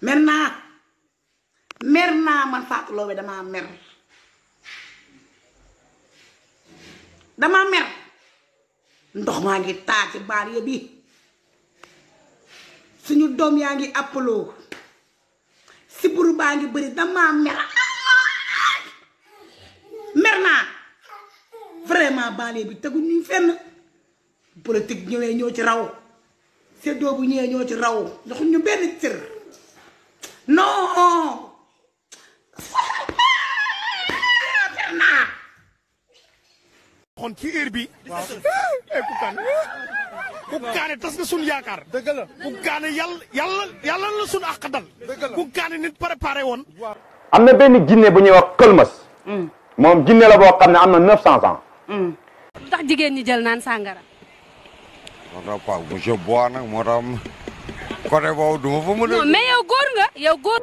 Merna, merna manfaat man Fatou lowe dama mer dama mer ndox ma ngi ta ci bar ye ya bi suñu dom yaa ngi appaloo siburu ba ngi beuri dama mer merna naa vraiment banlieue bi teggu ñu fenn politique ñëwee ñoo ci raw séddoo bu ñëwee ñoo ci raw ñu benn kon ci heure bi Bougane eh, Bougane tas na sun yaakaar dëgg la Bougane yàlla yàlla yàlla la suñu àq dal Bougane nit préparé woon am na benn jinne bu ñuy wax këlmas hmm. moom jinne la boo xam ne am na neuf ans hmm. lu tax jigéen jël naan sàngara moo tax pa monsieur Bois nag moo tax côté boobu du ma fa mën non mais yow góor nga yow góor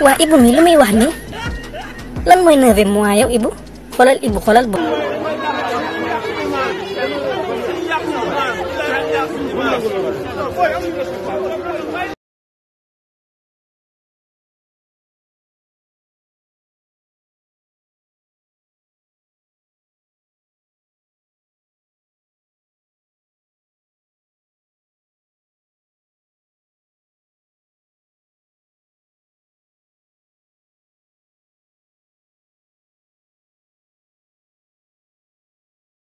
Wah ibu milu mi wah nih. Lan mui nere mau ayo ibu. Kolal ibu kolal bu.